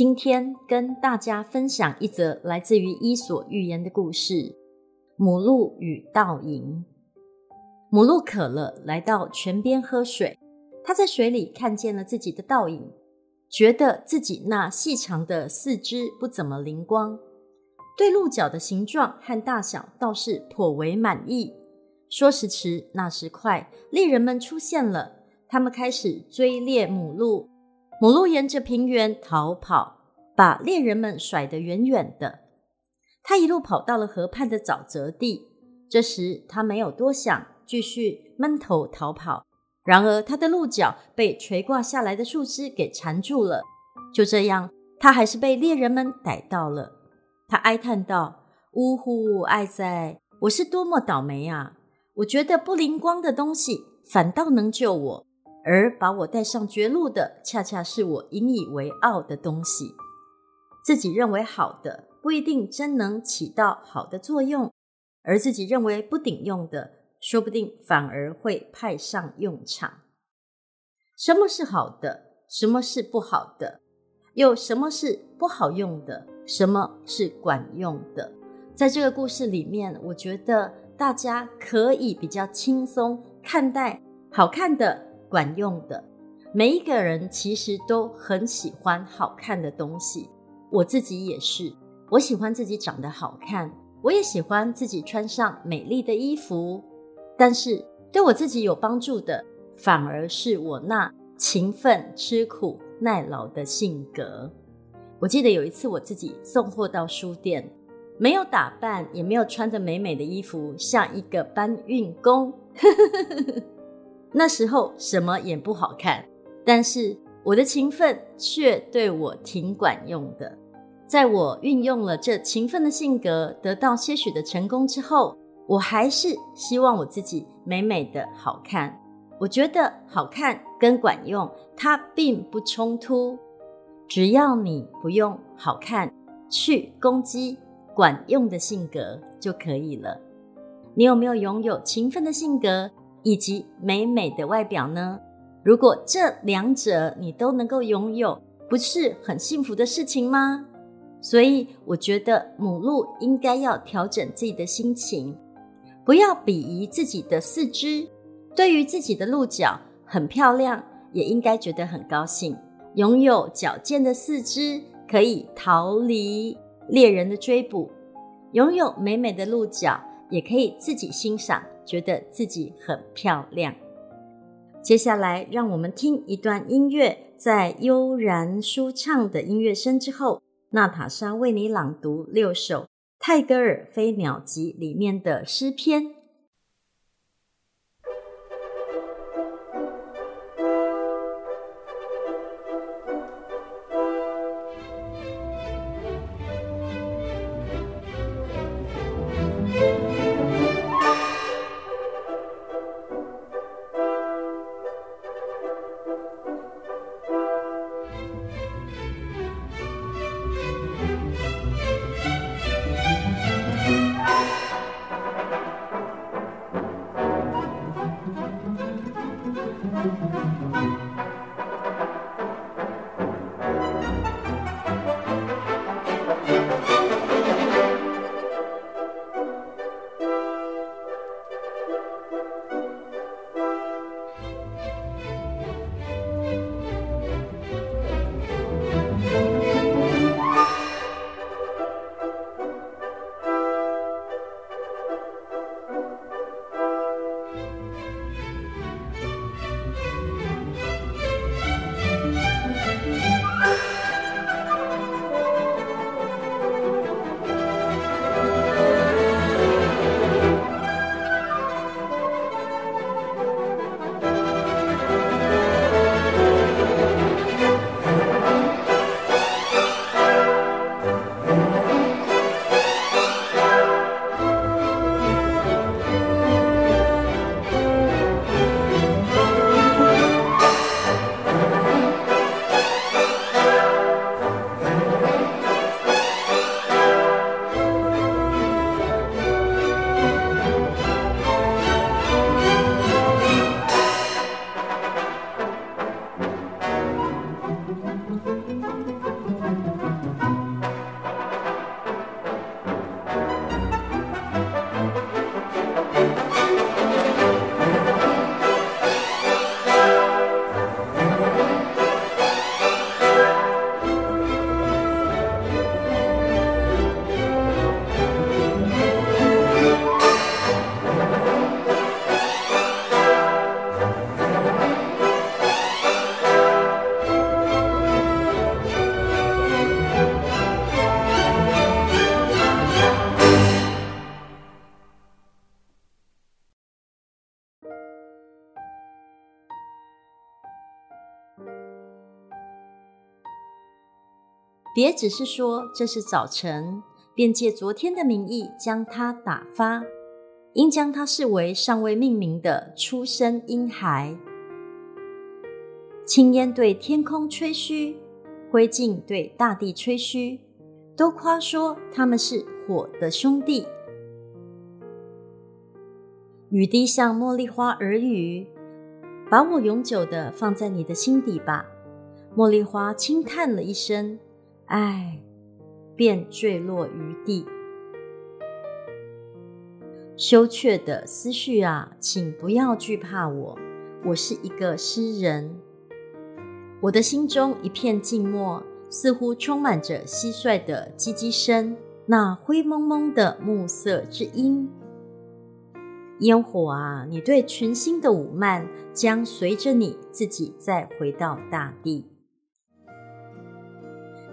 今天跟大家分享一則來自於《伊索寓言》的故事：牡鹿與倒影。牡鹿渴了，來到泉邊喝水。它在水裡看見了自己的倒影，覺得自己那細長的四肢不怎麼靈光，對鹿角的形狀和大小倒是頗為滿意。說時遲，那時快，獵人們出現了，他們開始追獵牡鹿。母牡鹿沿着平原逃跑，把獵人們甩得遠遠的。它一路跑到了河畔的沼澤地，這時它沒有多想，繼續悶頭逃跑。然而，它的鹿角被垂掛下來的樹枝給纏住了。就這樣，它還是被獵人們逮到了。它哀嘆道：“嗚呼哀哉！我是多麼倒霉啊！我覺得不靈光的東西反倒能救我。”而把我帶上絕路的，恰恰是我引以為傲的東西。自己認為好的不一定真能起到好的作用，而自己認為不頂用的，說不定反而會派上用場。什麼是好的？什麼是不好的？有什麼是不好用的？什麼是管用的？在這個故事裡面，我覺得大家可以比較輕鬆看待好看的。管用的，每一個人其實都很喜歡好看的東西，我自己也是。我喜歡自己長得好看，我也喜歡自己穿上美麗的衣服。但是對我自己有幫助的，反而是我那勤奮、吃苦、耐勞的性格。我記得有一次我自己送貨到書店，沒有打扮，也沒有穿着美美的衣服，像一個搬運工。 那時候什麼也不好看，但是我的勤奮卻對我挺管用的。在我運用了這勤奮的性格，得到些許的成功之後，我還是希望我自己美美的好看。我覺得好看跟管用它並不衝突，只要你不用好看去攻擊管用的性格就可以了。你有沒有擁有勤奮的性格？以及美美的外表呢？如果這兩者你都能夠擁有，不是很幸福的事情嗎？所以我覺得牡鹿應該要調整自己的心情，不要鄙夷自己的四肢。對於自己的鹿角很漂亮，也應該覺得很高興。擁有矯健的四肢，可以逃離獵人的追捕；擁有美美的鹿角，也可以自己欣賞。覺得自己很漂亮。接下來，讓我們聽一段音樂，在悠然舒暢的音樂聲之後，娜塔莎為你朗讀六首泰戈爾《飛鳥集》裡面的詩篇。別只是說這是早晨，便借昨天的名義將它打發，應將它視為尚未命名的初生嬰孩。青煙對天空吹噓，灰燼對大地吹噓，都誇說他們是火的兄弟。雨滴向茉莉花耳語：“把我永久地放在你的心底吧。”茉莉花輕嘆了一聲。愛，便墜落於地。羞怯的思緒啊，請不要懼怕我，我是一個詩人。我的心中一片靜默，似乎充滿着蟋蟀的唧唧聲，那灰蒙蒙的暮色之音。煙火啊，你對群星的侮慢，將隨着你自己再回到大地。